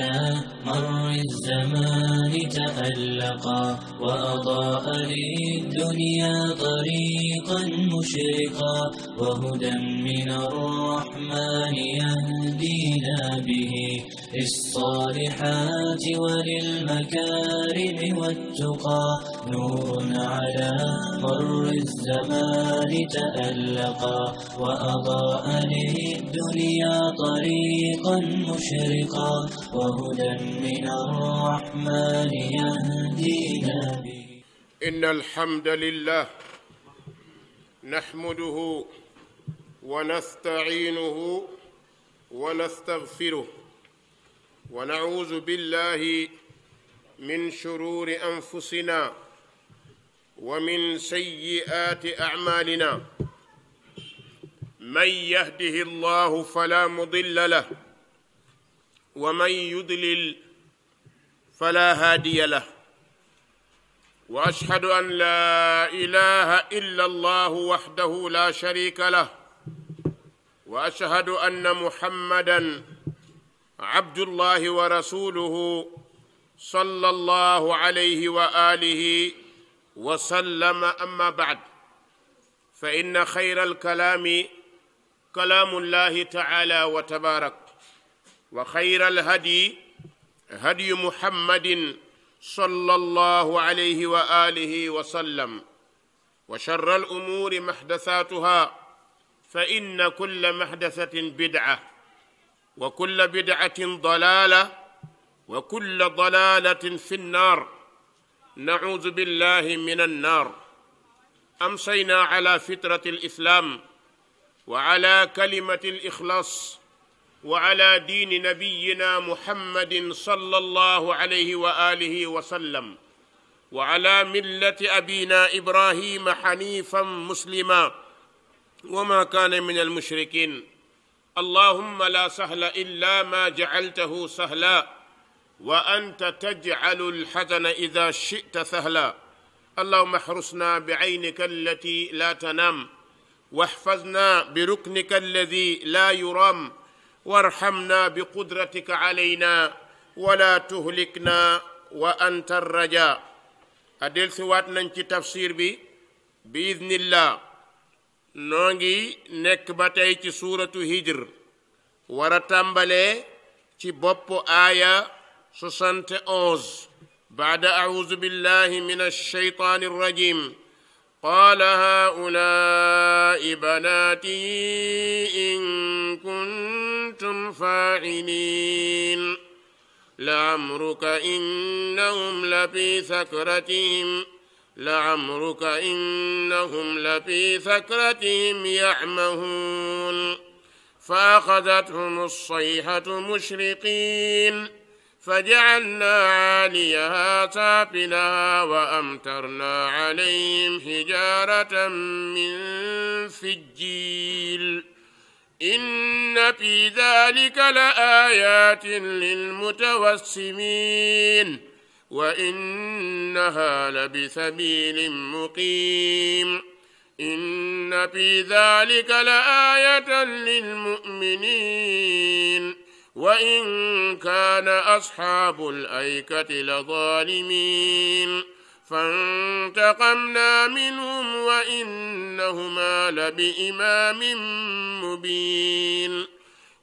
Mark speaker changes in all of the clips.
Speaker 1: على مر الزمان تألقا وأضاء للدنيا طريقا مشرقا وهدى من الرحمن يهدينا به للصالحات وللمكارم والتقى نور على مر الزمان تألقا وأضاء للدنيا طريقا مشرقا وهدى من الرحمن يهدينا به إن الحمد لله نحمده ونستعينه ونستغفره ونعوذ بالله من شرور انفسنا ومن سيئات اعمالنا من يهده الله فلا مضل له ومن يضلل فلا هادي له واشهد ان لا اله الا الله وحده لا شريك له واشهد ان محمدا عبد الله ورسوله صلى الله عليه واله وسلم اما بعد فان خير الكلام كلام الله تعالى وتبارك وخير الهدي هدي محمد صلى الله عليه واله وسلم وشر الامور محدثاتها فان كل محدثه بدعه wa kulla bid'atin dalaala wa kulla dalaalatin fi nnaar naudu billahi min annaar amsaynaa ala fitrati alislaam wa ala kalimati alixlaas wa ala diini nabiyina muhammadin sallallahu alayhi wa aalihi wa sallam wa ala millati abina ibrahima xanifan muslima wa ma kaana min almushrikin اللهم لا سهل الا ما جعلته سهلا وانت تجعل الحزن اذا شئت سهلا اللهم احرسنا بعينك التي لا تنام واحفظنا بركنك الذي لا يرام وارحمنا بقدرتك علينا ولا تهلكنا وانت الرجاء adel siwaat nañ ci tafsir bi biidnillah noo ngi nekk ba tey ci suuratu hijr war a tàmbalee ci bopp aaya 71 baada audu billahi min alsheytaani alrajim qaala haulaai banaati in kuntum faa'iliin laamruka innahum la fi sakratihim لعمرك إنهم لفي سكرتهم يعمهون فأخذتهم الصيحة مشرقين فجعلنا عاليها سافلها وأمطرنا عليهم حجارة من سجيل إن في ذلك لآيات للمتوسمين وإنها لبسبيل مقيم إن في ذلك لآية للمؤمنين وإن كان أصحاب الأيكة لظالمين فانتقمنا منهم وإنهما لبإمام مبين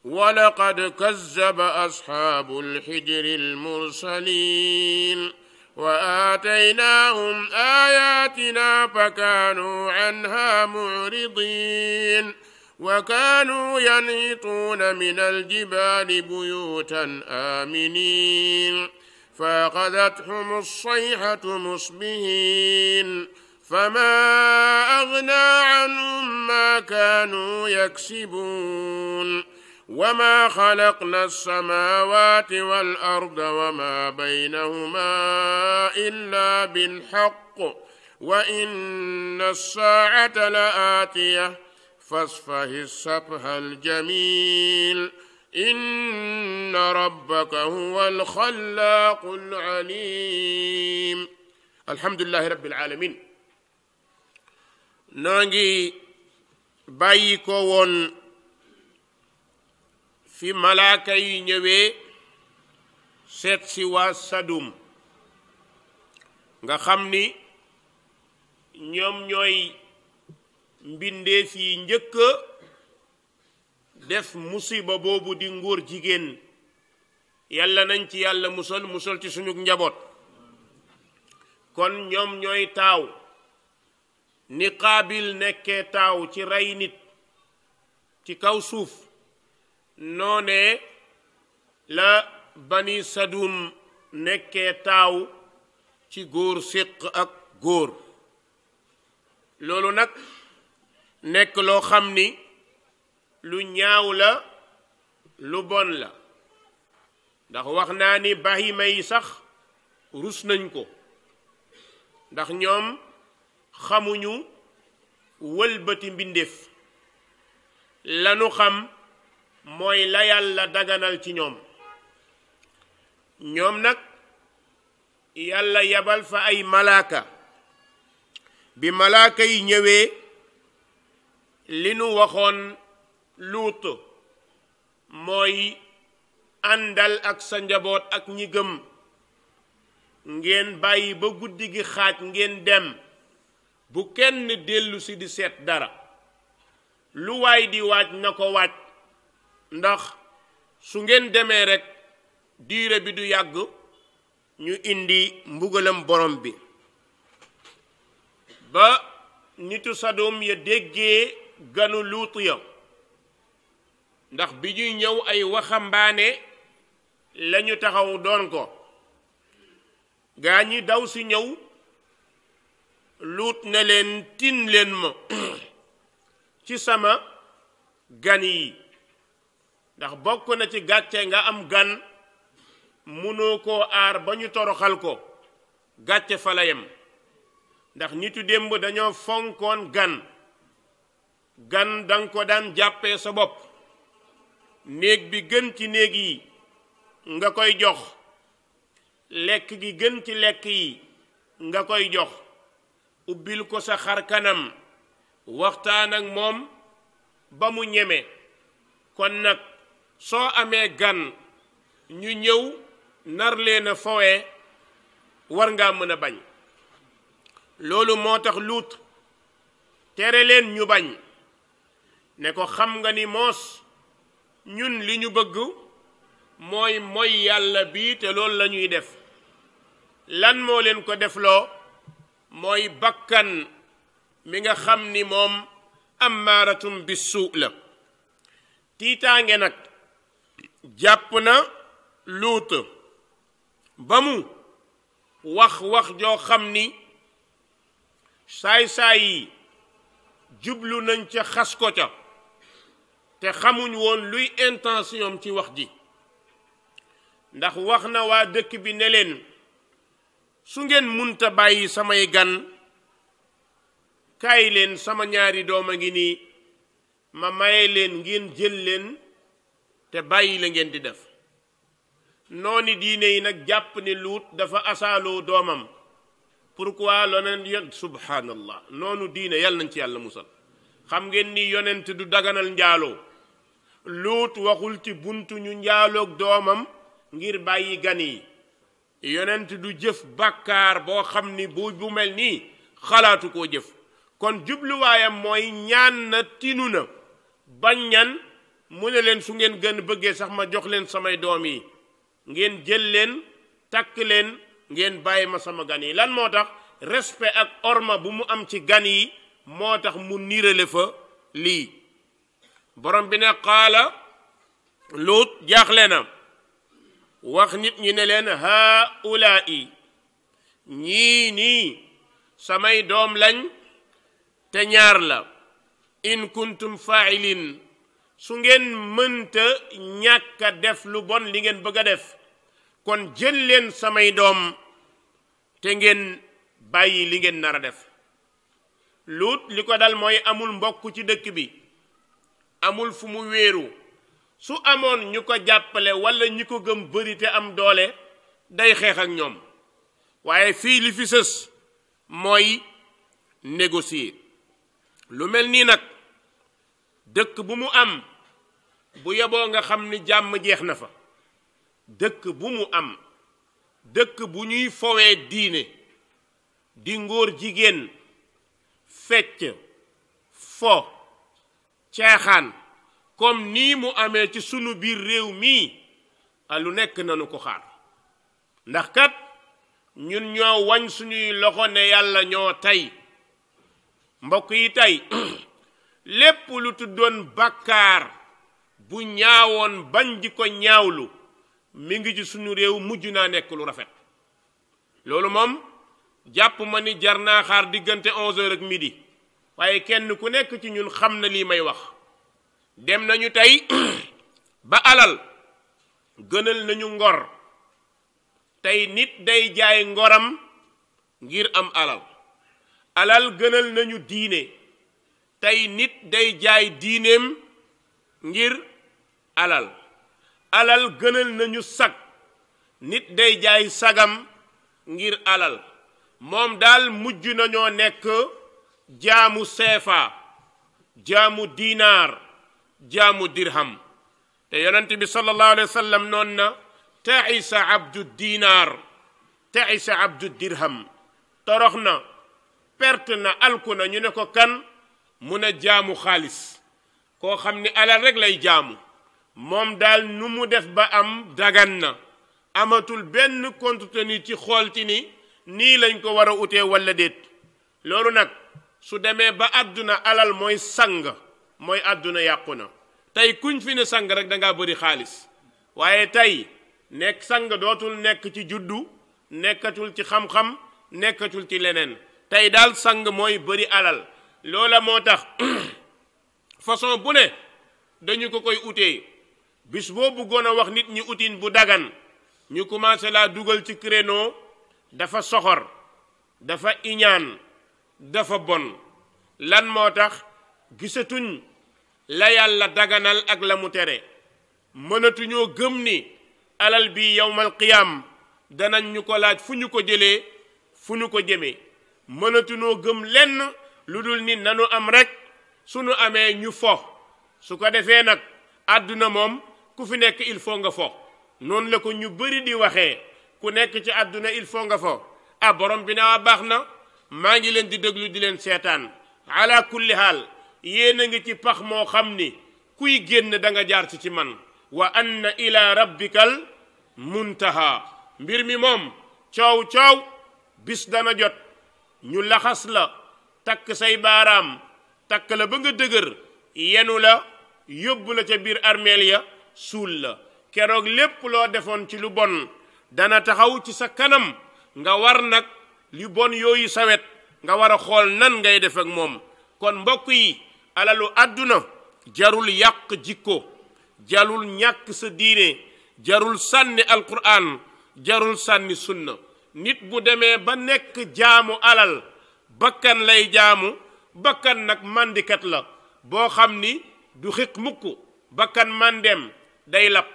Speaker 1: ولقد كذب أصحاب الحجر المرسلين وآتيناهم آياتنا فكانوا عنها معرضين وكانوا ينهطون من الجبال بيوتا آمنين فأخذتهم الصيحة مصبهين فما أغنى عنهم ما كانوا يكسبون وما خلقنا السماوات والارض وما بينهما الا بالحق وان الساعه لاتيه فاصفه الصفح الجميل ان ربك هو الخلاق العليم الحمد لله رب العالمين نانجي بايكو fi malaaka yi ñëwee seet si waa sadum nga xam ni ñoom ñooy mbindeef yi njëkk def musiba boobu di nguur jigéen yàlla nañ ci yàlla musal musal ci suñu njaboot kon ñoom ñooy taaw ni qaabil nekkee taaw ci rey nit ci kaw suuf noone la bani sadum nekkee taaw ci góor séq ak góor loolu nag nekk loo xam ni lu ñaaw la lu bon la ndax wax naa ni bahima yi sax rus nañ ko ndax ñoom xamuñu wëlbati mbindeef lanu xam mooy la yàlla daganal ci ñoom ñoom nag yàlla yabal fa ay malaaka bi malaaka yi ñëwee li nu waxoon luut mooy àndal ak sa njaboot ak ñi ngeen bàyyi ba guddi gi xaaj ngeen dem bu kenn dellusi si di seet dara lu waay di waaj na ko waaj ndax su ngeen demee rekk diire bi du yàgg ñu indi mbugalam borom bi ba nitu sadom ya déggee ganu luut ya ndax bi ñuy ñëw ay waxambaane lañu taxaw doon ko gaa ñi daw si ñëw luut na leen tin leen ma ci sama gan yi ndax bokk na ci gàcce nga am gan mënoo koo aar ba ñu toroxal ko gàcce fa la ndax nitu démb dañoo fonkoon gan gan danga ko daan jàppe sa bopp néeg bi gën ci néeg yi nga koy jox lekk gi gën ci lekk yi nga koy jox ubbil ko sa xar kanam waxtaan ak moom ba mu ñeme kon nag soo amee gan ñu ñëw nar leen a fowee war ngaa mën a bañ loolu moo tax luut tere leen ñu bañ ne ko xam nga ni moos ñun li ñu bëgg mooy mooy yàlla bii te loolu la ñuy def lan moo leen ko defloo mooy bakkan mi nga xam ni moom am amaaratum bisu la tiitaange nag jàpp na luut ba mu wax-wax joo xam ni saay-saay yi jublu nañ ca xas ko ca te xamuñ woon luy intention ci wax ji ndax wax na waa dëkk bi ne leen su ngeen munta bàyyi samay gan kaay leen sama ñaari doom a ngi nii ma maye leen ngeen jël leen te bàyyi la ngeen di def noonu diine yi nag jàpp ni luut dafa asaaloo doomam pourquoi loneen yon subhaanallah noonu diine yàlla nañ ci yàlla musal xam ngeen ni yonent du daganal njaaloo luut waxul ci buntu ñu njaaloog doomam ngir bàyyi gan yi yonent du jëf bàkkaar boo xam ni bu bu mel nii xalaatu koo jëf kon jubluwaayam mooy ñaan na tinu na baññan mu ne leen su ngeen gën bëggee sax ma jox leen samay doom yi ngeen jël leen takk leen ngeen bàyyi ma sama gan yi lan moo tax respect ak orma bu mu am ci gan yi moo tax mu niirale fa lii borom bi ne qaala luut jaaxle na wax nit ñi ne leen haulaa'i ñii nii samay doom lañ te ñaar la in kuntum faa'ilin su ngeen mënta ñàkk def lu bon li ngeen bëgg a def kon jël leen samay doom te ngeen bàyyi li ngeen nara def luut li ko dal mooy amul mbokk ci dëkk bi amul fu mu wéeru su amoon ñu ko jàppale walla ñi ko gëm bëri te am doole day xeex ak ñoom waaye fii li fi sës mooy négocier lu mel nii nag dëkk bu mu am bu yeboo nga xam ni jàmm jeex na fa dëkk bu mu am dëkk bu ñuy fowee diine di ngóor jigéen fecc fo caaxaan comme nii mu amee ci sunu biir réew mii a lu nekk nanu ko xaar ndax kat ñun ñoo wañ suñuy loxo ne yàlla ñoo tey mbokk yi tey lépp lu tuddoon bàkkaar bu ñaawoon bañ di ko ñaawlu mi ngi ci suñu réew mujj naa nekk lu rafet loolu moom jàpp ma ni jar naa xaar diggante onze heures ak midi waaye kenn ku nekk ci ñun xam na lii may wax dem nañu tey ba alal gënal nañu ngor tey nit day jaay ngoram ngir am alal alal gënal nañu diine tey nit day jaay diineem ngir alal alal gënal nañu sag nit day jaay sagam ngir alal moom daal mujj nañoo nekk jaamu seefa jaamu diinaar jaamu dirham te yonent bi sallallahu alayhi wa noon na taisa abdu diinaar taisa abdu dirham torox na pert na alku na ñu ne ko kan mu a jaamu xaalis koo xam ni alal rek lay jaamu moom daal nu mu def ba am dagan na amatul benn contenu ci xool ci ni nii lañ ko war a utee walla déet loolu nag su demee ba àdduna alal mooy sang mooy àdduna yàqu na tey kuñ fi ne sang rek danga ngaa bëri xaalis waaye tey nekk sang dootul nekk ci juddu nekkatul ci xam-xam nekkatul ci leneen tey daal sang mooy bari alal loola moo tax façon bu ne dañu ko koy utee bis boo bëggoon a wax nit ñi utin bu dagan ñu commencé laa dugal ci créneau dafa soxor dafa iñaan dafa bon lan moo tax gisatuñ la yàlla daganal ak la mu tere mënatuñoo gëm ni alal bi yowmal qiyaam danañ ñu ko laaj fu ñu ko jëlee fu ñu ko jëmee mënatuñoo gëm lenn lu dul ni nanu am rekk ñu amee ñu fo su ko defee nag àdduna moom ku fi nekk il faut nga fo noonu la ko ñu bëri di waxee ku nekk ci àdduna il faut nga fo ah borom bi naa baax na maa ngi leen di déglu di leen seetaan ala kulli haal yéen a ngi ci pax moo xam ni kuy génn danga jaar ci ci man wa anna ila rabbikal muntaha mbir mi moom coow coow bis dana jot ñu laxas la takk say baaraam takk la ba nga dëgër yenu la yóbbu la ca biir armeel ya suul la keroog lépp loo defoon ci lu bon dana taxaw ci sa kanam nga war nag lu bon yooyu sawet nga war a xool nan ngay def ak moom kon mbokk yi alalu àdduna jarul yàq jikko jarul ñàkk sa diire jarul sànni alquran jarul sànni sunna nit bu demee ba nekk jaamu alal bakkan lay jaamu bakkan nag màndikat la boo xam ni du xiq mukk bakkan màndeem day lab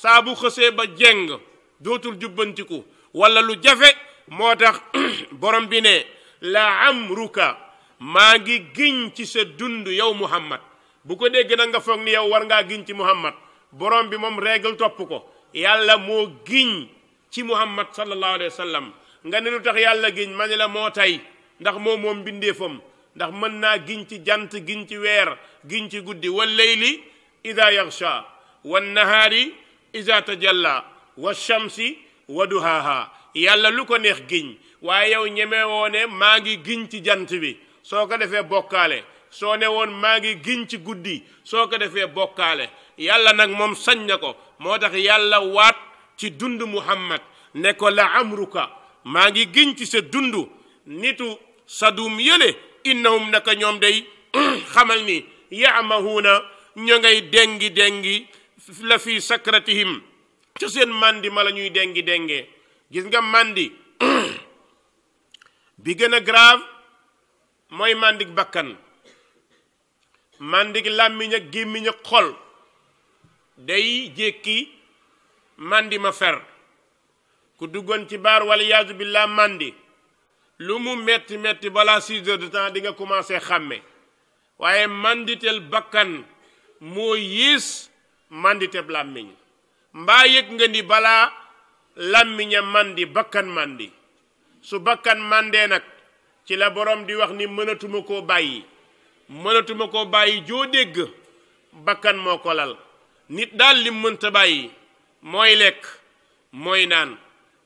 Speaker 1: saa bu xësee ba jeng dootul jubbantiku walla lu jafe moo tax borom bi ne la am amruka maa ngi giñ ci sa dund yow muhammad bu ko dégg na nga foog ni yow war ngaa giñ ci muhammad borom bi moom régle topp ko yàlla moo giñ ci muhammad sallallahu alayhi wa sallam nga ne lu tax yàlla giñ ma ne la moo tey ndax moom moom mbindeefam ndax mën naa giñ ci jant giñ ci weer giñ ci guddi wal layli ida yaxsha wannahaari iza tajalla wa shamsi wa duhaaha yàlla lu ko neex giñ waaye yow ñeme woo maa ngi giñ ci jant bi soo ko defee bokkaale soo ne woon maa ngi giñ ci guddi soo ko defee bokkaale yàlla nag moom sañ na ko moo tax yàlla waat ci dund muhammad ne ko la amruka maa ngi giñ ci sa dund nitu sadum yële innahum naka ñoom day xamal ni yaamahuuna ño ngay dengi dengi la fi sakratihim ca seen màndi ma la ñuy dengi dengee gis nga màndi bi gën a grave mooy màndik bakkan màndik làmmiñ ak gémmiñ xol day jékki màndi ma fer ku duggoon ci baar wala yaasu billah màndi lu mu metti metti balaa six heures de temps di nga commencé xàmme waaye mànditeel bakkan moo yées màndite làmmiñ mbaa yëg nga ni balaa làmmiña màndi bakkan màndi su bakkan màndee nag ci la borom di wax ni mënatuma koo bàyyi mënatuma koo bàyyi joo dégg bakkan moo ko lal nit daal lim mënta bàyyi mooy lekk mooy naan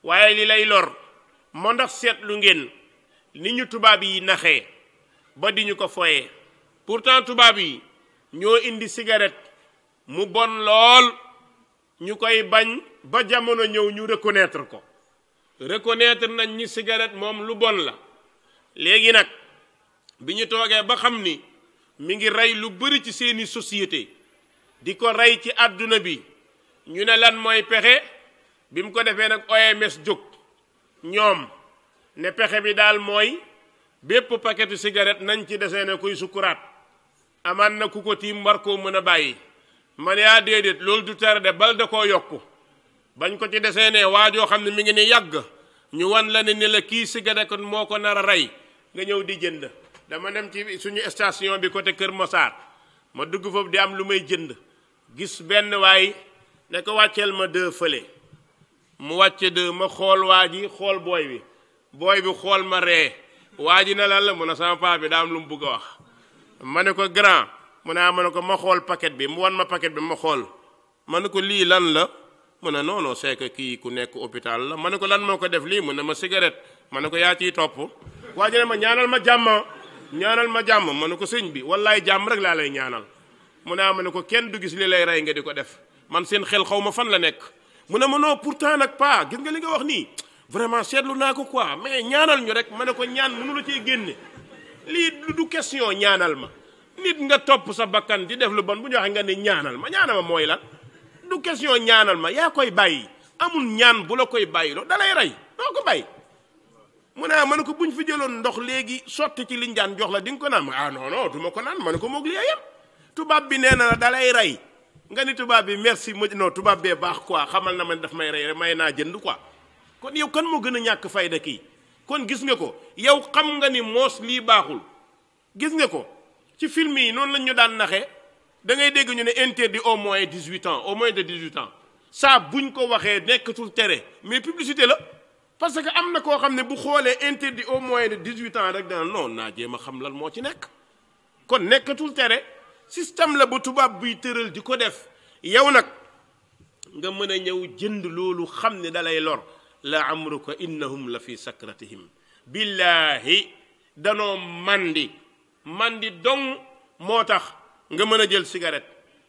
Speaker 1: waaye li lay lor moo ndax seetlu ngeen ni ñu tubaab yi naxee ba di ñu ko foye pourtant tubaab yi ñoo indi cigarette mu bon lool ñu koy bañ ba jamono ñëw ñu reconnaître ko reconnaître nañ ñi cigarette moom lu bon la léegi nag bi ñu toogee ba xam ni mi ngi rey lu bëri ci seeni société di ko rey ci àdduna bi ñu ne lan mooy pexe bi mu ko defee nag OMS jóg ñoom ne pexe bi daal mooy bépp paquetu cigarette nañ ci desee ne kuy sukkuraat amaan na ku ko tiim war koo mën a bàyyi ma ne yaa ah, déedéet loolu du tere de bal da koo yokku bañ ko ci desee ne waa joo xam ne mi ngi ni yàgg ñu wan la ne ni la kii sigarekat moo ko nar a rey nga ñëw di jënd dama dem ci suñu station bi côté Kër Massar ma dugg foofu di am lu may jënd gis benn waay ne ko wàcceel ma deux fële mu wàcce deux ma xool waa ji xool booy bi booy bi xool ma ree waa ji ne lan la mun a sama paa bi daa am lu mu bugg a wax ma ne ko grand mu ne ah, ma ko ma xool paquet bi mu wan ma paquet bi ma xool ma ne ko lii lan la mu ne non non kii ku nekk hôpital la ma ne ko lan moo ko def lii mu ne ma cigarette ma ne ko yaa ciy topp waa ji ne ma ma jàmm ñaanal ma jàmm ma ne ko sëñ bi wallaay jàmm rek laa lay ñaanal mu ne ah, ma ne ko kenn du gis li lay rey nga di ko def man seen xel xaw ma fan la nekk mu ne ma noo non pourtant nag pas gis nga li nga wax nii vraiment seetlu naa ko quoi mais ñaanal ñu rek ma ne ko ñaan mënu la cee génne lii du question ñaanal ma nit nga topp sa bakkan di def lu bon bu ñu waxee nga ne ñaanal ma ñaanal mooy lan du question ñaanal ma yaa koy bàyyi amul ñaan bu la koy bàyyi loo da lay rey doo ko bàyyi mu ne ah ma ne ko bu ñu fi jëloon ndox léegi sotti ci liñ daan jox la di ko naan ah du ma ko naan ma ne ko moog li yem tubaab bi nee na la da rey nga ni tubaab bi merci ma non tubaab bee baax quoi xamal na man daf may rey rek may naa jënd quoi kon yow kan moo gën a ñàkk fayda kii kon gis nga ko yow xam nga ni moos lii baaxul gis nga ko. ci film yi noonu lañ ñu daan naxee da ngay dégg ñu ne interdit au moins dix huit ans au mois de dix huit ans saa buñ ko waxee nekkatul tere mais publicité la parce que am na koo xam ne bu xoolee inter interdit au moins de dix huit ans rek dana noon naa jéem a xam lan moo ci nekk kon nekkatul tere système la bu tubaab buy tëral di ko def yow nag nga mën a ñëw jënd loolu xam ne dalay lor la amruka innahum la fi sakratihim billaahi danoo màndi man di dong moo tax nga mën a jël cigarette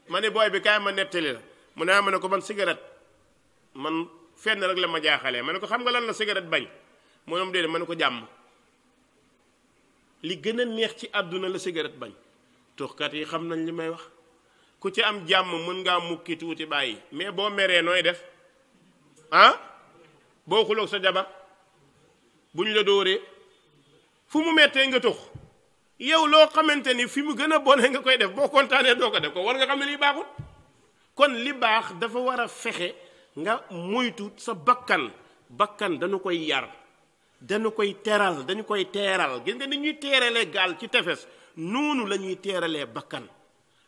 Speaker 1: ma ne booy bi kaay ma nettali la mu ne ah, ma ne ko man cigarette man fenn rek la ma jaaxalee ma ne ko xam nga lan la cigarette bañ mu ne mu déedéet ma ne ko jàmm li gën a neex ci àdduna la cigarette bañ tuxkat yi xam nañ li may wax ku ci am jàmm mën ngaa mukki tuuti bàyyi mais boo meree nooy def ah boo xuloog sa jabar bu ñu la dóoree fu mu mettee nga tux yow loo xamante ni fi mu gën a bone nga koy def boo kontaanee doo ko def ko war nga xam ne li baaxul kon li baax dafa war a fexe nga moytu sa bakkan bakkan danu koy yar dañu koy teral dañu koy teeral gis nga ni ñuy teeralee gaal ci tefes noonu la ñuy teeralee bakkan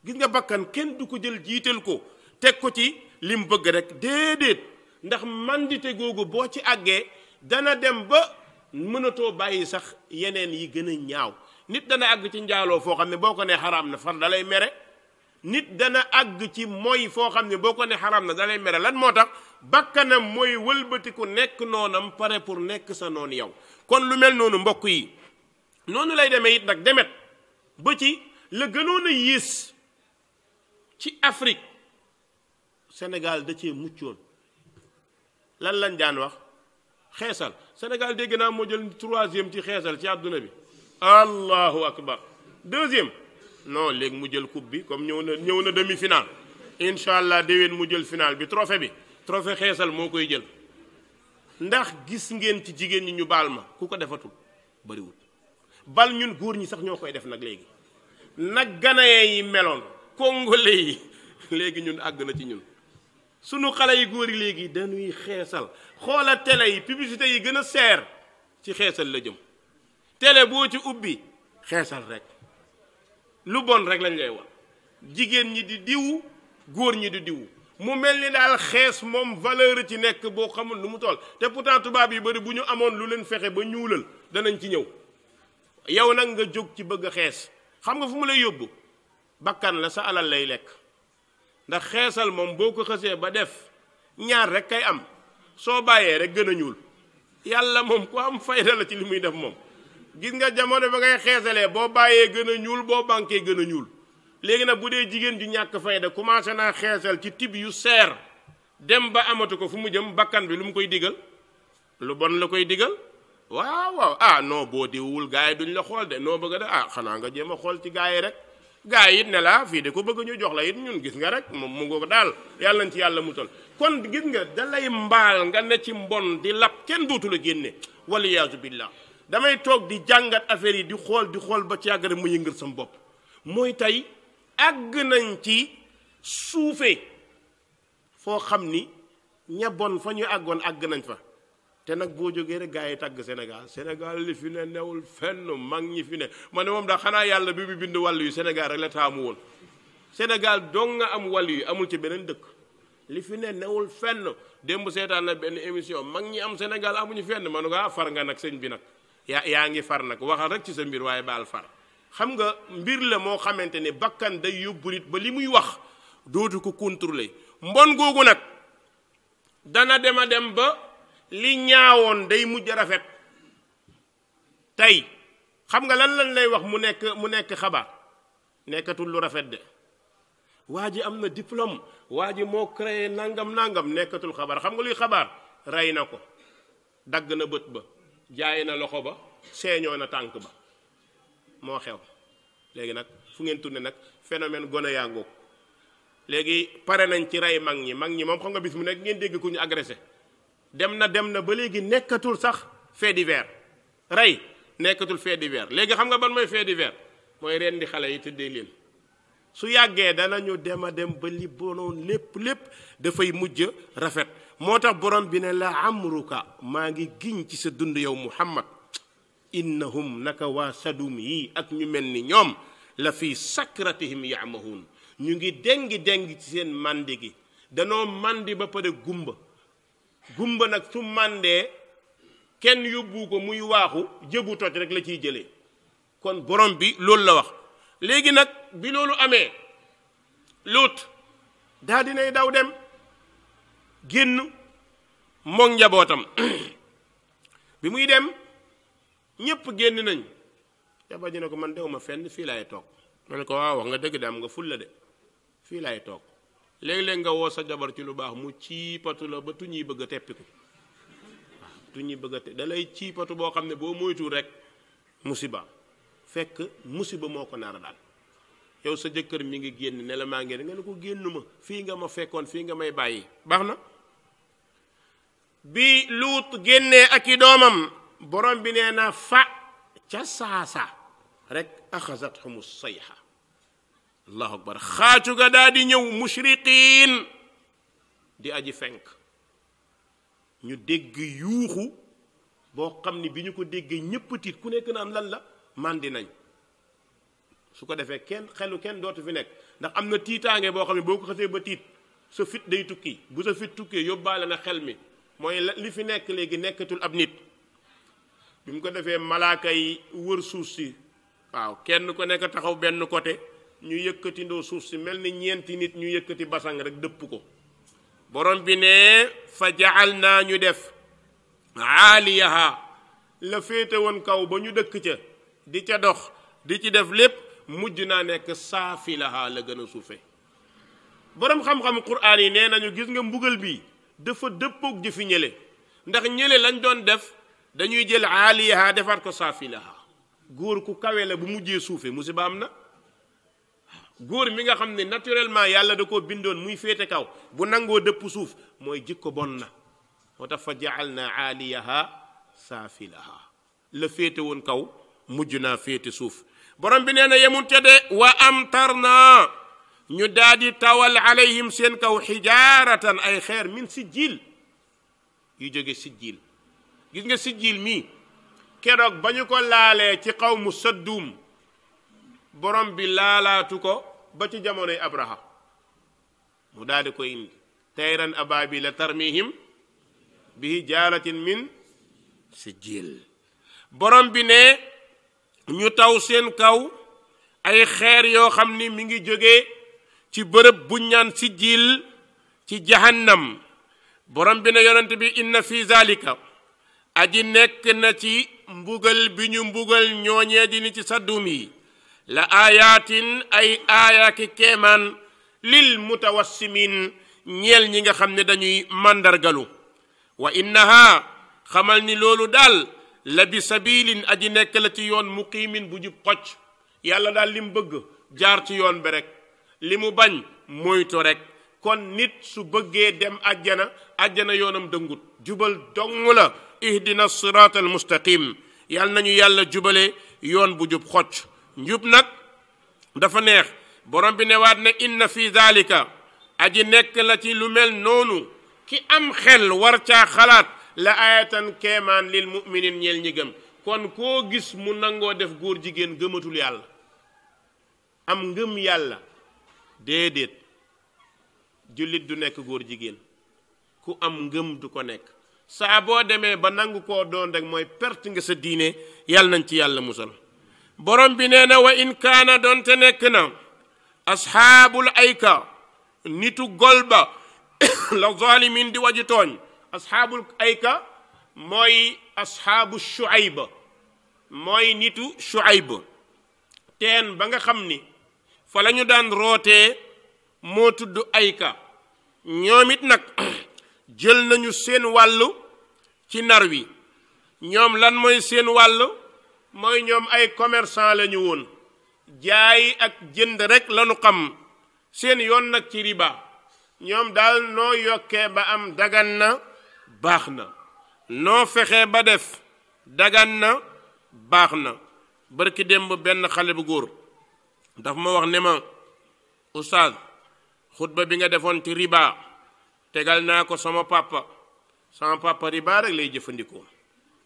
Speaker 1: gis nga bakkan kenn du ko jël jiital ko teg ko ci li bëgg rek déedéet ndax mandite googu boo ci àggee dana dem ba mënatoo bàyyi sax yeneen yi gën a ñaaw nit dana àgg ci njaaloo foo xam ne boo ko ne xaraam na far dalay mere nit dana àgg ci mooy foo xam ne boo ko ne xaraam na dalay mere lan moo tax bakkanam mooy wëlbatiku nekk noonam pare pour nekk sa noon yow kon lu mel noonu mbokk yi noonu lay deme it nag demet ba ci la gënoon a yées ci Afrique Sénégal da cee muccoon lan lañ daan wax xeesal Sénégal dégg naa moo jël troisième ci xeesal ci àdduna bi allahu akbar deuxième non léegi mu jël coupe bi comme ñëw na ñëw na demi finale incha allah déwén mu jël finale bi trophée bi trophée xeesal moo koy jël ndax gis ngeen ci jigéen ñi ñu baal ma ku ko defatul bariwul bal ñun góor ñi sax ñoo koy def nag léegi nag ganaye yi meloon congolais yi léegi ñun àgg na ci ñun sunu xale yi góor yi léegi dañuy xeesal xoola télé yi publicité yi gën a seer ci xeesal la jëm télé boo ci ubbi xeesal rek lu bon rek lañ lay wax jigéen ñi di diw góor ñi di diw mu mel ni daal xees moom valeur ci nekk boo xamul nu mu toll te pourtant tubaab yi bari bu ñu amoon lu leen fexe ba ñuulal danañ ci ñëw yow nag nga jóg ci bëgg a xees xam nga fu mu lay yóbbu bakkan la sa alal lay lekk ndax xeesal moom boo ko xësee ba def ñaar rek ay am soo bàyyee rek gën a ñuul yàlla moom ku am fayda la ci li muy def moom gis nga jamono ba ngay xeesalee boo bàyyee gën a ñuul boo banquee gën a ñuul léegi nag bu dee jigéen ju ñàkk fayda commencé naa xeesal ci tib yu seer dem ba amatu ko fu mu jëm bakkan bi lu mu koy digal lu bon la koy digal waaw waaw ah non boo diwul gars yi duñ la xool de noo bëgg a de ah xanaa nga jéem a xool ci gars yi rek gars yi ne laa fii de ko bëgg ñu jox la it ñun gis nga rek moom mu ngoog daal yàlla nañ ci yàlla mu toll kon gis nga da lay mbaal nga ne ci mbon di lab kenn dootu la génne waliyaasu billah damay toog di jàngat affaire yi di xool di xool ba ci yàgg rek mu yëngal sama bopp mooy tey àgg nañ ci suufee foo xam ni ña bon fa ñu àggoon àgg nañ fa te nag boo jógee rek gars yi tàgg Sénégal Sénégal li fi ne newul fenn mag ñi fi ne ma ne moom daa xanaa yàlla bi bi bind wàll yu Sénégal rek la taamu woon Sénégal dong nga am wàll yu amul ci beneen dëkk li fi ne newul fenn démb seetaan na benn émission mag ñi am Sénégal amuñu fenn ma ne ko ah, far nga nag sëñ bi nag yaa yaa ngi far nag waxal rek ci sa mbir waaye baal far xam nga mbir la moo xamante ni bakkan day yóbbu nit ba li muy wax dootu ko contrôler mbon googu nag dana dem a dem ba li ñaawoon day mujj rafet tey xam nga lan lañ lay wax mu nekk mu nekk xabaar nekkatul lu rafet de waa ji am na diplôme waa ji moo créé nangam nangam nekkatul xabaar xam nga luy xabaar rey na ko dagg na bët ba jaay na loxo ba seeñoo na tànk ba moo xew léegi nag fu ngeen tourné nag phénomène gone yaa léegi pare nañ ci rey mag ñi mag ñi moom xam nga bis mu nekk ngeen dégg ku ñu agressé dem na dem na ba léegi nekkatul sax fait divers rey nekkatul fait divers léegi xam nga ban mooy fait divers mooy reen di xale yi tëddee leen su yàggee danañu dem a dem ba li bonoon lépp lépp dafay mujj rafet moo tax borom bi ne la amruka maa ngi giñ ci sa dund yow muhammad innahum naka waa sadum yi ak ñu mel ni ñoom la fi sakratihim yamahun ñu ngi déngi déngi ci seen màndi gi danoo màndi ba pare gumba gumba nag su màndee kenn yóbbu ko muy waaxu jëbu toj rek la ciy jëlee kon borom bi loolu la wax léegi nag bi loolu amee luut daa dinay daw dem génn moog njabootam bi muy dem ñépp génn nañ jabar ji ne ko man dew ma fenn fii laay toog ma ne ko waaw wax nga dëgg de am nga fulla de fii laay toog léeg-léeg nga woo sa jabar ci lu baax mu ciipatu la ba tuñuy bëgg a teppiku tuñuy bëgg a te da lay ciipatu boo xam ne boo moytuwul rek musiba fekk musiba moo ko nar daal yow sa jëkkër mi ngi génn ne la maa ngi ne nga ne ko génn ma fii nga ma fekkoon fii nga may bàyyi baax na bi luut génnee ak i doomam borom bi nee na fa ca saasa rek axasat humu sayxa allahu akbar xaacu ga daa di ñëw mushriqiin di aji fenk ñu dégg yuuxu boo xam ni bi ñu ko déggee ñépp tiit ku nekk naan lan la màndi nañ su ko defee kenn xelu kenn dootu fi nekk ndax am na tiitaange boo xam ne boo ko xasee ba tiit sa fit day tukki bu sa fit tukkee yóbbaale na xel mi mooy li fi nekk léegi nekkatul ab nit bi mu ko defee malaaka yi wër suuf si waaw kenn ku nekk taxaw benn côté ñu yëkkatindoo suuf si mel ni ñeenti nit ñu yëkkati basang rek dëpp ko borom bi ne fa jaal naa ñu def aaliyaha la féete woon kaw ba ñu dëkk ca di ca dox di ci def lépp mujj naa nekk saafilaha la gën a suufe boroom xam-xam quraan yi nee nañu gis nga mbugal bii dafa dëppoog fi ñële ndax ñële lañ doon def dañuy jël aaliyaha defar ko saafilaha góor ku kawe la bu mujjee suufee musiba am na góor mi nga xam ne naturellement yàlla da koo bindoon muy féete kaw bu nangoo dëpp suuf mooy ko bon na moo tax fa jaal na aaliyaha saafilaha la féete woon kaw mujj naa féete suuf borom bi nee na yemul ca de wa am tar naa ñu daal di tawal alayhim seen kaw xijaaratan ay xeer min sijjiil yu jóge sijjiil gis nga sijjiil mii keroog ba ñu ko laalee ci xaw mu saddum borom bi laalaatu ko ba ci jamonoy abraha mu daal di ko indi tayran abaabila tarmihim bi hijaaratin min sijjiil borom bi ne ñu taw seen kaw ay xeer yoo xam ni mi ngi jóge ci bërëb bu ñaan si jiil ci jahannam borom bi ne yonent bi inna fi zalika aji nekk na ci mbugal bi ñu mbugal ñooñee di ci saddum yi la aayaatin ay aaya ki keemaan lil mutawassimin ñeel ñi nga xam ni dañuy màndargalu wa innaha xamal ni loolu daal la bi sabilin aji nekk la ci yoon muqiimin bu jub xocc yàlla daal lim bëgg jaar ci yoon bi li mu bañ moytu rekk kon nit su bëggee dem ajjana ajjana yoonam dëngut jubal dong la ihdina siraat al mustaqim yàlla nañu yàlla jubale yoon bu jub xocc njub nag dafa neex borom bi newaat na inna fi daalika aji nekk la ci lu mel noonu ki am xel war ca xalaat la ayatan keemaan lil muminin ñeel ñi gëm kon koo gis mu nangoo def góor jigéen gëmatul yàlla am ngëm yàlla déedéet jullit du nekk góor jigéen ku am ngëm du ko nekk saa boo demee ba nangu koo doon rek mooy perte nga sa diine yàlla nañ ci yàlla musal borom bi nee na wa in kaana doonte nekk na asxaabul ayka nitu gol la zalimin di waji tooñ asxaabul ayka mooy asxaabu shuayba mooy nitu shuayba teen ba nga xam ni fa la daan rootee moo tudd ay ka ñoom it nag jël nañu seen wàll ci nar wi ñoom lan mooy seen wàll mooy ñoom ay commerçant lañu woon jaay ak jënd rekk lañu xam seen yoon nag ci riba ñoom daal noo yokkee ba am dagan na baax na noo fexee ba def dagan na baax na barki démb benn xale bu góor daf ma wax ne ma oustaz xutba bi nga defoon ci riba tegal naa ko sama papa sama papa riba rek lay jëfandikoo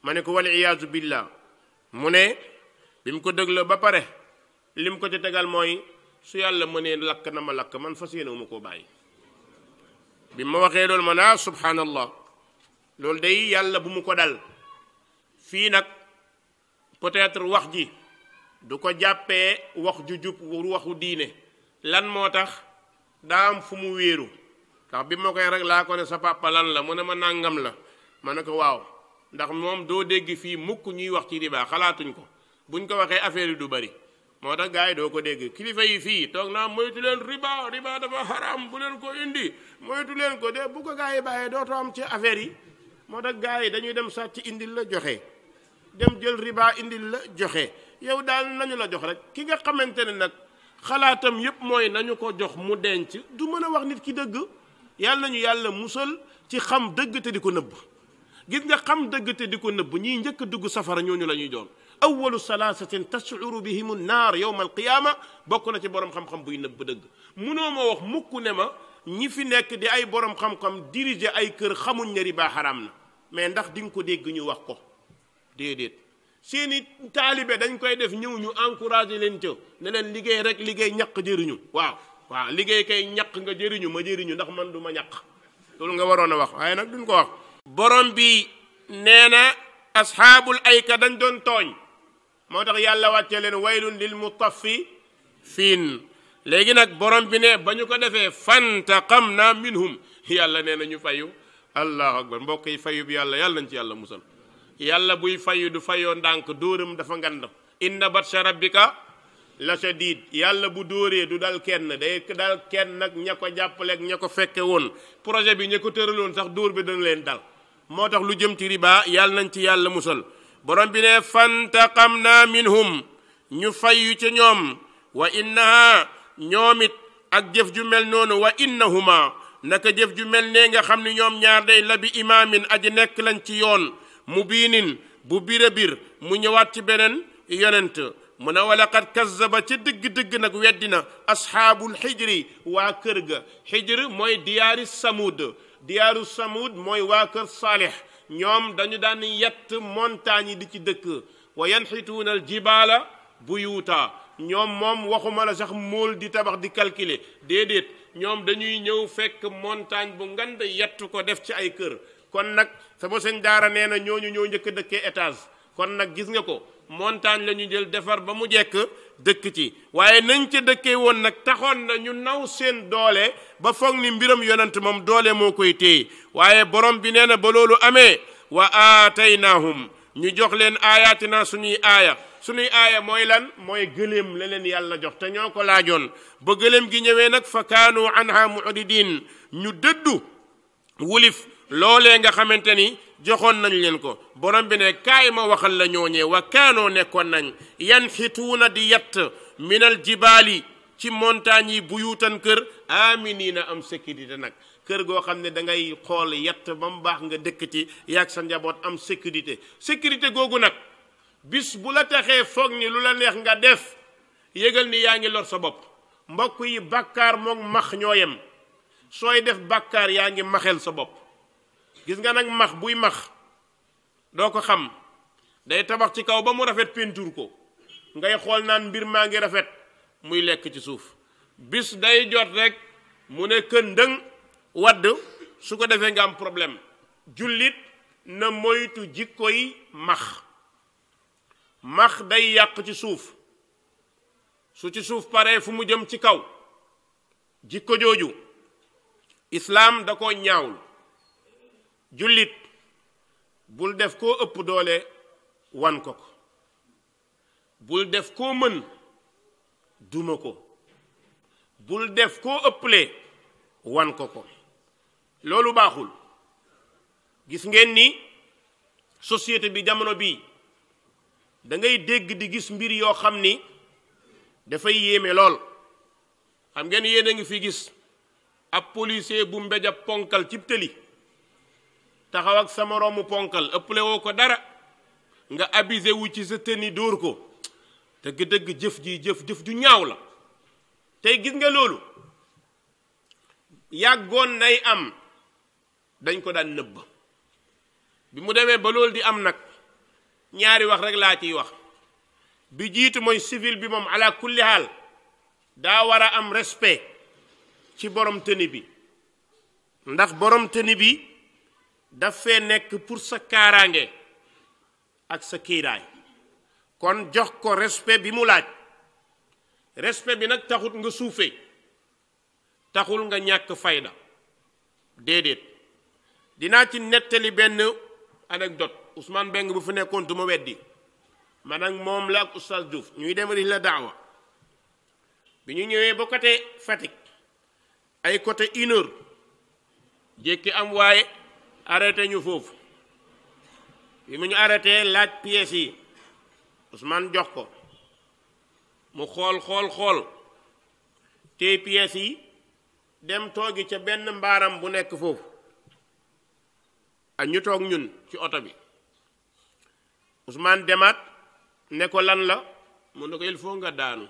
Speaker 1: ma ne ko wal iyaazu billah mu ne bi mu ko dëgloo ba pare li mu ko ci tegal mooy su yàlla mënee lakk na ma lakk man fa yéene ma koo bàyyi bi ma waxee loolu ma naa ah, subhanallah loolu day yàlla bu mu ko dal fii nag peut wax ji du ko jàppee wax ju jub waxu diine lan moo tax daa am fu mu wéeru ndax bi ma koy rek laa ko ne sa papa lan la mu ne ma nàngam la ma ne ko waaw ndax moom doo dégg fii mukk ñuy wax ci riba xalaatuñ ko buñ ko waxee affaire yi du bari moo tax gars yi doo ko dégg kilifa yi fii toog naa moytu leen riba riba dafa xaram bu leen ko indi moytu leen ko de bu ko gaa yi bàyyee dootoo am ci affaire yi moo tax gars yi dañuy dem sàcc indi la joxe dem jël riba indil la joxe yow daal nañu la jox rek ki nga xamante ne nag xalaatam yépp mooy nañu ko jox mu denc du mën a wax nit ki dëgg yàlla nañu yàlla musal ci xam dëgg te di ko nëbb gis nga xam dëgg te di ko nëbb ñiy njëkk dugg safara ñooñu la ñuy doon awalu salaasatin bi bihimu naar yowma alqiyaama bokk na ci borom xam-xam buy nëbb dëgg munoo ma wax mukk ne ma ñi fi nekk di ay borom xam-xam diriger ay kër xamuñ ne riba xaraam na mais ndax di nga ko dégg ñu wax ko déedéet seeni taalibe dañ koy def ñëw ñu encouragé leen ca ne liggéey rek liggéey ñàq jëriñu waaw waaw liggéey kay ñàq nga jëriñu ma jëriñu ndax man du ma ñàq loolu nga waroon a wax waaye nag duñ ko wax borom bi nee na asxaabul ayka dañ doon tooñ moo tax yàlla wàcce leen waylun lil mutaffifiin léegi nag borom bi ne ba ñu ko defee fanta fantaqam naa minhum yàlla nee na ñu fayu allahu akbar mbokk yi fayu bi yàlla yàlla nañ ci yàlla musal yàlla buy fayu du fayoo ndànk dóoram dafa ngand inna batsha rabbika la shadid yàlla bu dóoree du dal kenn day dal kenn nag ña ko jàppaleeg ña ko fekke woon projet bi ña ko tëraloon sax dóor bi dana leen dal moo tax lu jëm ci riba yàlla nañ ci yàlla musal borom bi ne fantaqam naa minhum ñu fayyu ca ñoom wa innaha ñoom ak jëf ju mel noonu wa innahuma naka jëf ju mel ne nga xam ne ñoom ñaar day la bi imaamin aji nekk lañ ci yoon mu biinin bu bir a mu ñëwaat ci beneen yonent mu ne walaqad kazzaba ci dëgg-dëgg nag weddina na asxaabul xijri waa kër ga xijr mooy diyaari samud diyaaru samud mooy waa kër saalix ñoom dañu daan yett montagne yi di ci dëkk wa yanxituuna al jibaala buyuuta ñoom moom waxuma la sax mool di tabax di calculer déedéet ñoom dañuy ñëw fekk montagne bu ngand yettu ko def ci ay kër kon nag sama sëñ daara nee na ñooñu ñoo njëkk dëkkee étage kon nag gis nga ko montagne la ñu jël defar ba mu jekk dëkk ci waaye nañ ca dëkkee woon nag taxoon na ñu naw seen doole ba foog ni mbiram yonant moom doole moo koy téye waaye borom bi nee na ba loolu amee wa aataynaahum ñu jox leen aayaatina suñuy aaya suñuy aaya mooy lan mooy gëléem la leen yàlla jox te ñoo ko laajoon ba gëléem gi ñëwee nag fa kaanu anha muridin ñu dëddu wulif loolee nga xamante ni joxoon nañ leen ko borom bi ne kaay ma waxal la ñooñee wa kaanoo nekkoon nañ yan na di yatt minal jibaali ci montagne yi buyuutan kër na am sécurité nag kër goo xam ne da ngay xool yett ba mu baax nga dëkk ci yaag sa njaboot am sécurité sécurité googu nag bis bu la taxee foog ni lu la neex nga def yëgal ni yaa ngi lor sa bopp mbokk yi bàkkaar moom max ñoo yem sooy def bàkkaar yaa ngi maxeel sa bopp gis nga nag max buy max doo ko xam day tabax ci kaw ba mu rafet peinture ko ngay xool naan mbir maa ngi rafet muy lekk ci suuf bis day jot rek mu ne këndëng wadd su ko defee nga am problème jullit na moytu jikko yi max max day yàq ci suuf su ci suuf paree fu mu jëm ci kaw jikko jooju islaam da ko ñaawul jullit bul def koo ëpp doole wan ko ko bul def koo mën duma ko bul def koo ëpple wan ko ko loolu baaxul gis ngeen ni société bi jamono bii dangay dégg di gis mbir yoo xam ni dafay yéeme lool xam ngeen yéen a ngi fi gis ab policier bu mbéj ab ponkal cib tëli taxaw ak sa moroomu ponkal ëpple woo ko dara nga abusé wu ci sa tëni dóor ko dëgg-dëgg jëf ji jëf jëf ju ñaaw la tey gis nga loolu yàggoon nay am dañ ko daan nëbb bi mu demee ba loolu di am nag ñaari wax rek laa ciy wax bi jiitu mooy civil bi moom alaa kulli haal daa war a am respe ci borom tëni bi ndax borom tëni bi daf fee nekk pour sa kaaraange ak sa kiiraay kon jox ko respe bi mu laaj respect bi nag taxut nga suufee taxul nga ñàkk fayda déedéet dinaa ci nettali benn anecdote Ousmane Beng bu fi nekkoon du ma weddi man ak moom la ak Oustaz Diouf ñuy dem la daawa bi ñu ñëwee ba côté Fatick ay côté une heure jékki am waaye arrêté ñu foofu bi mu ñu arrêté laaj pièces yi Ousmane jox ko mu xool xool xool tey pièces yi dem toogi ca benn mbaaram bu nekk foofu ak ñu toog ñun ci oto bi Ousmane demaat ne ko lan la mu ne ko il faut nga daanu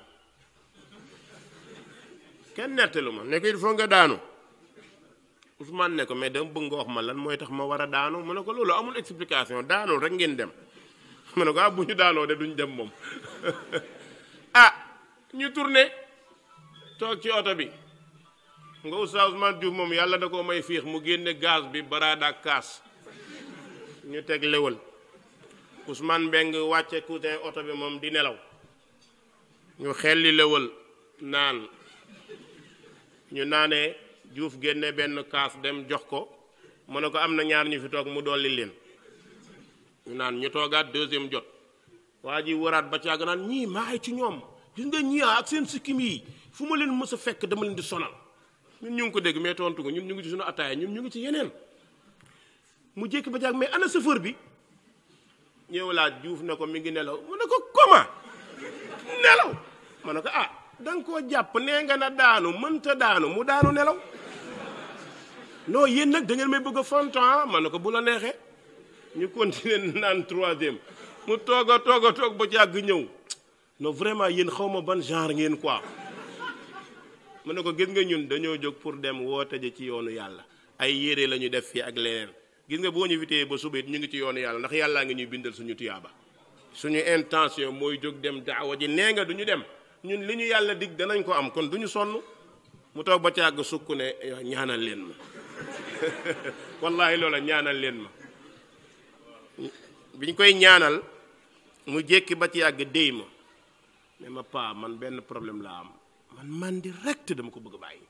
Speaker 1: kenn nettalu ma ne ko il faut nga daanu Ousmane ne ko mais dama bëgg nga wax ma lan mooy tax ma war a daanu mu a ko loolu amul explication daanul rek ngeen dem mu ne ko ah bu ñu daanoo de duñ dem moom ah ñu tourné toog ci oto bi nga Oustaz Ousmane moom yàlla da koo may fiix mu génne gaz bi baraada kaas ñu teg lewal Ousmane Mbeng wàcce cousin oto bi moom di nelaw ñu xelli lewal naan ñu naanee Juuf génne benn kaas dem jox ko mu ne ko am na ñaar ñu fi toog mu dolli leen ñu naan ñu toogaat deuxième jot waa ji waraat ba caaga naan ñii maay ci ñoom gis nga ñii ak seen sikkim yi fu ma leen mësa fekk dama leen di sonal ñun ñu ngi ko dégg mais tontu ko ñun ñu ngi ci suñu ataaya ñun ñu ngi ci yeneen mu jékki ba caag mais ana chauffeur bi ñëw laaj Juuf ne ko mi ngi nelaw mu ne ko comment nelaw ma ne ko ah da koo jàpp nee nga na daanu mënta daanu mu daanu nelaw non yéen nag da may bëgg a fonton ah man na ko bu la neexee ñu continuer naan troisième mu toog a toog a toog ba jàgg ñëw non vraiment yéen xaw ma ban genre ngeen quoi mu ne ko gis nga ñun dañoo jóg pour dem woo ji ci yoonu yàlla ay yére la def fii ak leneen gis nga boo ñu witee ba suba it ñu ngi ci yoonu yàlla ndax yàllaa ngi ñuy bindal suñu tuyaaba suñu intention mooy jóg dem daawa ji nee nga du ñu dem ñun li ñu yàlla dig danañ ko am kon du ñu sonn mu toog ba càgg sukk ne ñaanal leen wallahi loola ñaanal leen ma biñ koy ñaanal mu jékki ba ci yàgg déy ma ne ma paa man benn problème laa am man man di rek te dama ko bëgg a bàyyi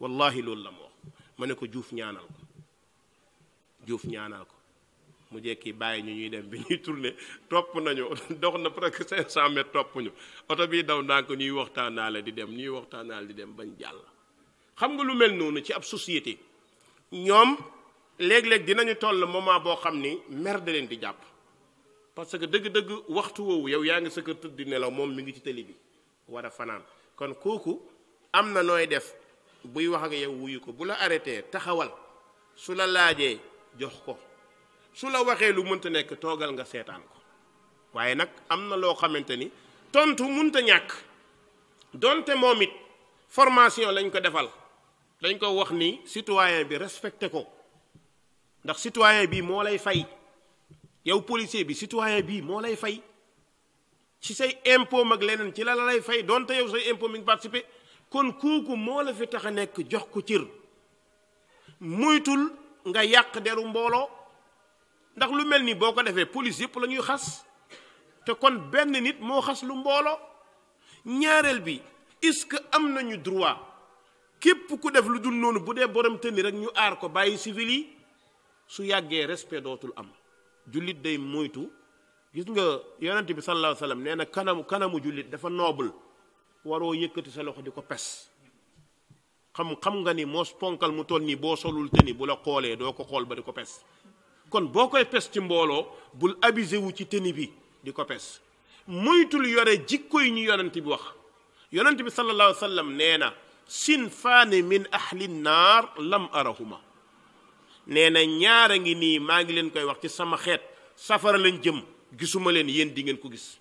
Speaker 1: wallahi loolu la ma wax ma ne ko juuf ñaanal ko juuf ñaanal ko mu jekki bàyyi ñu ñuy dem bi ñuy tourné topp nañu dox na presque cinq cent mètres topp ñu oto bii daw ndànk ñuy waxtaanaale di dem ñuy waxtaanaale di dem bañ jàll xam nga lu mel noonu ci ab société ñoom léeg-léeg dinañu toll moment boo xam ni mer da leen di jàpp parce que dëgg-dëgg waxtu woowu yow yaa ngi sa kër tëdd nelaw moom mu ngi ci tëli bi war a fanaan kon kooku am na nooy def buy wax ak yow wuyu ko bu la arrêté taxawal su la laajee jox ko su la waxee lu mënta nekk toogal nga seetaan ko waaye nag am na loo xamante ni tontu mënta ñàkk doonte moom it formation lañ ko defal dañ ko wax ni citoyen bi respecté ko ndax sitoyen bii moo lay fay yow policier bi sitoyen bii moo lay fay ci say impôt mag leneen ci la la lay fay donte yow say impôt ngi participé kon kooku moo la fi tax a nekk jox ko cër moytul nga yàq deru mbooloo ndax lu mel ni boo ko defee police yëpp lañuy xas te kon benn nit moo xas lu mbooloo ñaareel bi est-ce que am nañu droit képp ku def lu dul noonu bu dee borom tëni rek ñu aar ko bàyyi civil yi su yàggee respect dootul am jullit day moytu gis nga yonent bi sallallahu alayhi wasallam nee na kanamu kanamu jullit dafa noobal waroo yëkkati sa loxo di ko pes xam xam nga ni moo ponkal mu toll nii boo solul tëni bu la xoolee doo ko xool ba di ko pes kon boo koy pes ci mbooloo bul abusé wu ci tëni bi di ko pes moytul yore jikko yi ñu yonent bi wax yonent bi sallallahu alayhi wasallam nee na sinfaani min ahli naar lam arahuma nee na ñaara ngi nii maa ngi leen koy wax ci sama xeet safara lañ jëm gisuma leen yéen di ngeen ko gis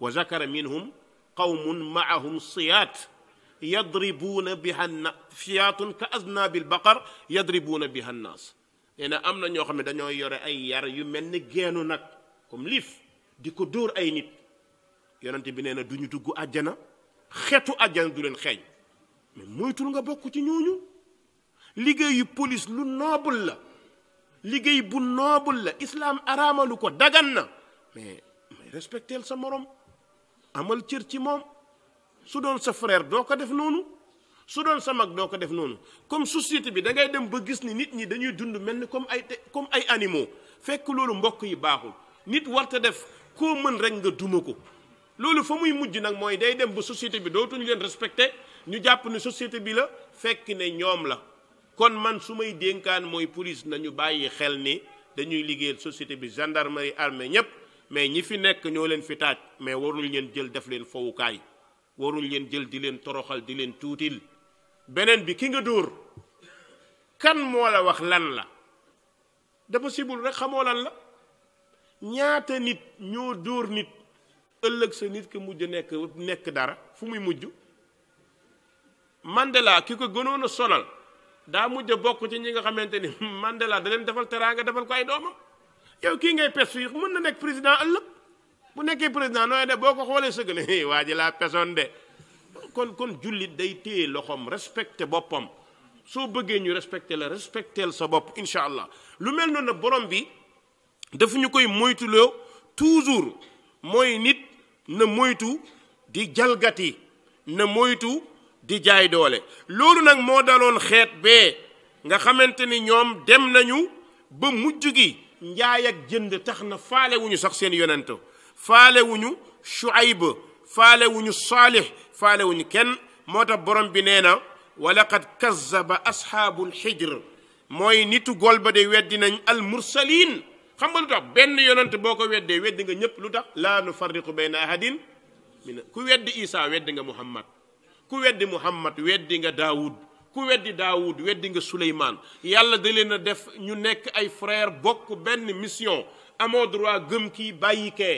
Speaker 1: wa zakara minhum qawmun maahum siyaat yadribuuna biha na siyaatun ka aznaabil baqar yadribuuna biha nnaas nee na am na ñoo xam ne dañoo yore ay yar yu mel ni geenu nag comme lif di ko dóor ay nit yonent bi nee na du ñu dugg àjjana xeetu àjjana du leen xeeñ mais moytul nga bokk ci ñooñu liggéeyu police lu noble la liggéey bu noble la islaam araamalu ko dagan na mais mais respecteel sa morom amal cër ci moom su doon sa frère doo ko def noonu su doon sa mag doo ko def noonu comme société bi da ngay dem ba gis ni nit ñi dañuy dund mel ni comme ay comme ay animaux fekk loolu mbokk yi baaxul nit warta def koo mën rek nga duma ko loolu fa muy mujj nag mooy day dem ba société bi dootuñu leen respecté ñu jàpp ne société bi la fekk ne ñoom la kon man su may dénkaan mooy police nañu bàyyi xel ni dañuy liggéeyal société bi gendarmerie armée ñépp mais ñi fi nekk ñoo leen fi taaj mais warul ngeen jël def leen fowukaay warul ngeen jël di leen toroxal di leen tuutil beneen bi ki nga dóor kan moo la wax lan la dafa sibul rek xamoo lan la ñaata nit ñoo dóor nit ëllëg sa nit ki mujj nekk nekk dara fu muy mujj Mandela ki ko gënoon a sonal daa mujj a bokk ci ñi nga xamante ni Mandela da leen defal teraanga defal ko ay doomam yow kii ngay pes fii mën na nekk président ëllëg bu nekkee président nooy de boo ko xoolee sëgg ne waa ji laa pesoon de kon kon jullit day téye loxoom respecté boppam soo bëggee ñu respecté la respecteel sa bopp incha allah lu mel noonu borom bi dafa ñu koy moytuloo toujours mooy nit na moytu di jalgati na moytu di jaay doole loolu nag moo daloon xeet bee nga xamante ni ñoom dem nañu ba mujj gi njaay ak jënd tax na faale wuñu sax seen yonent faale wuñu Shuayb faale wuñu Saalix faale wuñu kenn moo tax borom bi nee na wa laqad kazzaba asxaabu lxijr mooy nitu gol ba de weddi nañ al mursaliin xam nga lu tax benn yonent boo ko weddee weddi nga ñëpp lu tax laa nufarriqu bayna ahadin min ku weddi Isaa weddi nga Muhammad ku weddi muhammad weddi nga daawud ku weddi daawud weddi nga suleymaan yàlla da leen def ñu nekk ay frère bokk benn mission amoo droit gëm kii bàyyike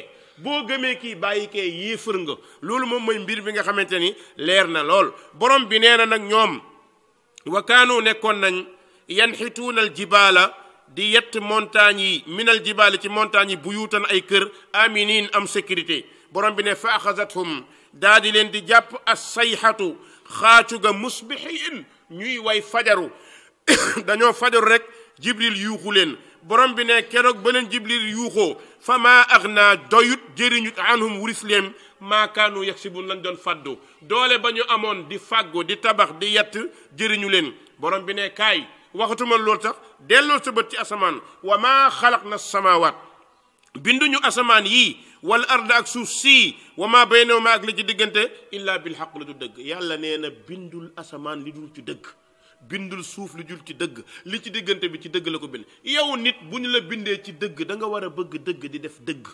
Speaker 1: boo gëmee kii bàyyike kee yéefar nga loolu moom mooy mbir bi nga xamante ni leer na lool boroom bi nee na nag ñoom wa nekkoon nañ yanxituuna al jibaala di yett montagne yi minal jibaali ci montagne yi bu yuutan ay kër aminin am sécurité borom bi ne fa daa di leen di jàpp as sayxatu xaacu ga musbixiin ñuy way fajaru dañoo fajaru rek jibril yuuxu leen borom bi ne keroog ba leen jibril yuuxoo fa maa agna doyut jëriñu anhum wuris leen maa kaanu yaksibun lañ doon fàddu doole ba ñu amoon di fàggu di tabax di yett jëriñu leen borom bi ne kaay waxatuma lool tax delloo sa bët ci asamaan wa maa xalaq na samawaat binduñu asamaan yii wal ard ak suuf sii wa maa baynahuma ak li ci diggante illaa bil xaq lu du dëgg yàlla nee na bindul asamaan li dul ci dëgg bindul suuf lu dul ci dëgg li ci diggante bi ci dëgg la ko bi yow nit bu ñu la bindee ci dëgg da war a bëgg dëgg di def dëgg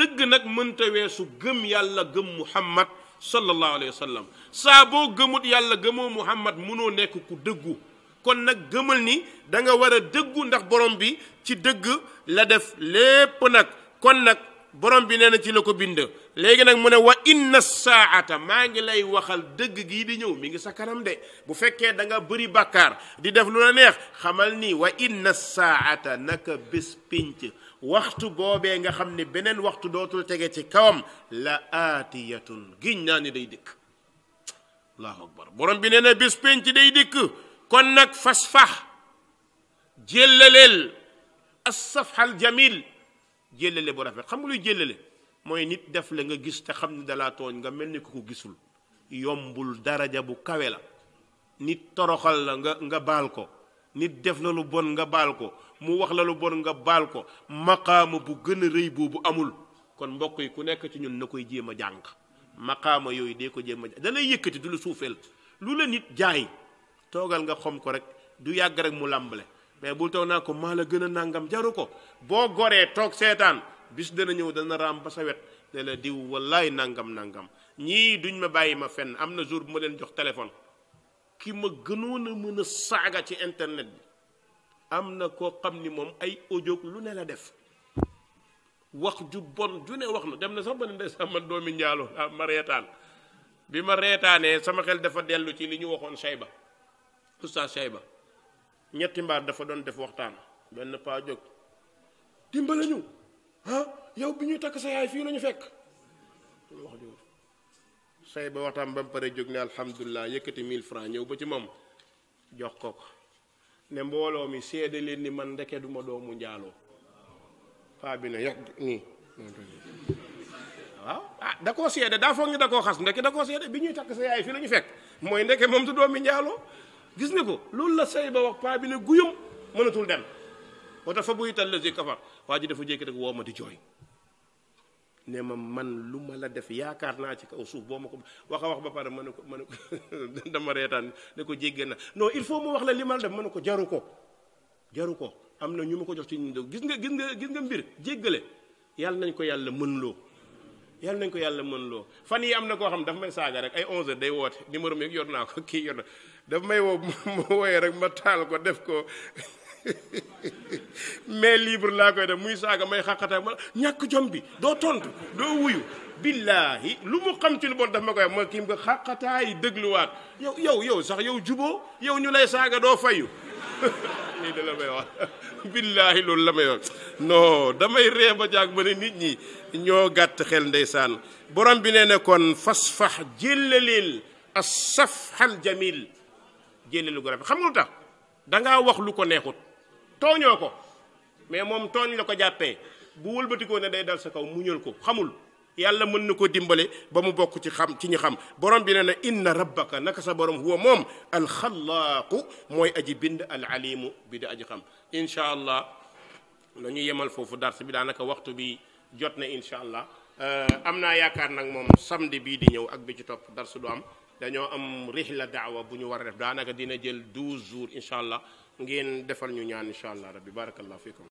Speaker 1: dëgg nag mënta weesu gëm yàlla gëm muhammad sallallahu alayhi wa sallam saa boo gëmut yàlla gëmoo muhammad mënoo nekk ku dëggu kon nag gëmal ni da war a dëggu ndax borom bi ci dëgg la def lépp nag kon nag borom bi nee na ci la ko bind léegi nag mu ne wa inna saata maa ngi lay waxal dëgg gii di ñëw mi ngi sa kanam de bu fekkee danga bari bëri bàkkaar di def lu la neex xamal ni wa inna saata naka bés pénc waxtu boobee nga xam ni beneen waxtu dootul tege ci kawam la aatiyatun giñ naa ni day dikk allahu akbar borom bi nee na bés pénc day dikk kon nag fasfax jéllaleel assafxal jamil jéllale bu rafet xam nga luy jéllale mooy nit def la nga gis te xam ne dalaa tooñ nga mel ni ku ko gisul yombul daraja bu kawe la nit toroxal la nga nga baal ko nit def na lu bon nga baal ko mu wax la lu bon nga baal ko maqaama bu gën a rëy boobu amul kon mbokk yi ku nekk ci ñun na koy jéem a jàng maqaama yooyu dee ko jéem a da lay yëkkati du la suufeel lu la nit jaay toogal nga xom ko rek du yàgg rek mu làmbale mais bul toog naa ko maa la gën a nangam jaru ko boo goree toog seetaan bis dana ñëw dana raam ba sa wet ne diw wallaay nangam nangam ñii duñ ma bàyyi ma fenn am na jour bu ma leen jox téléphone ki ma gënoon a mën a saaga ci internet bi am na koo xam ni moom ay audio lu ne la def wax ju bon ju ne wax na dem na sax ba ne ndeysaan man doomi njaaloo la ah, ma reetaan bi ma reetaanee sama xel dafa dellu ci li ñu waxoon Shayba oustaz Shayba ñetti mbaar dafa doon def waxtaan benn paa jóg dimbale ñu ah yow bi ñuy takk sa yaay fii la ñu fekk wax jooju say ba waxtaan ba mu pare jóg ne alhamdulilah yëkkati mille francs ñëw ba ci moom jox ko ko ne mbooloo mi seede leen ni man ndeke duma doomu njaaloo paa bi ne yàgg nii waaw ah da koo seede daa foog ni da koo xas ndeke da koo seede bi ñuy takk sa yaay fii la ñu fekk mooy ndeke moom du doomi njaaloo gis nga ko loolu la say ba wax paa bi ne guyum mënatul dem moo tax fa buy tal la si waa ji dafa jékki rek woo ma di jooy ne ma man lu ma la def yaakaar naa ci kaw suuf boo ma ko wax wax ba pare ma ne ko ma ne ko dama reetaan ne ko jéggee na non il faut mu wax la li ma la def ko jaru ko jaru ko am na ñu ma ko jox ci ñu gis nga gis nga nga mbir jéggale yàlla nañ ko yàlla mën loo yàlla nañ ko yàlla mën loo fan yi am na koo xam dafa may saaga rek ay 11 heures day woote numéro mi yor naa ko kii yor na dafa may woo mu woyee rek ma taal ko def ko mais libre laa koy def muy saaga may xàqataay ma ñàkk jom bi doo tontu doo wuyu billaahi lu mu xam ci lu bon daf ma koy wax ma kii nga xàqataay dégluwaat yow yow yow sax yow juboo yow ñu lay saaga doo fayu nii da billaahi loolu la may wax non damay ree ba jaag ba ne nit ñi ñoo gàtt xel ndeysaan borom bi nee ne kon fasfax jëllalil as safxal jamil génne lu ko rafet xam nga lu tax dangaa wax lu ko neexut tooñoo ko mais moom tooñ la ko jàppee bu wëlbatikoo ne day dal sa kaw muñal ko xamul yàlla mën na ko dimbale ba mu bokk ci xam ci ñi xam borom bi ne na inna rabbaka naka sa borom huwa moom alxalaaqu mooy aji bind al alimu bi di aji xam incha allah la ñu yemal foofu dars bi daanaka waxtu bi jot na incha allah euh, am naa yaakaar nag moom samedi bii di ñëw ak bi ci topp dars du am dañoo am rihla daawa bu ñu war a daanaka dina jël douze jours incha allah ngeen defal ñu ñaan incha allah rabbi barakallahu fikum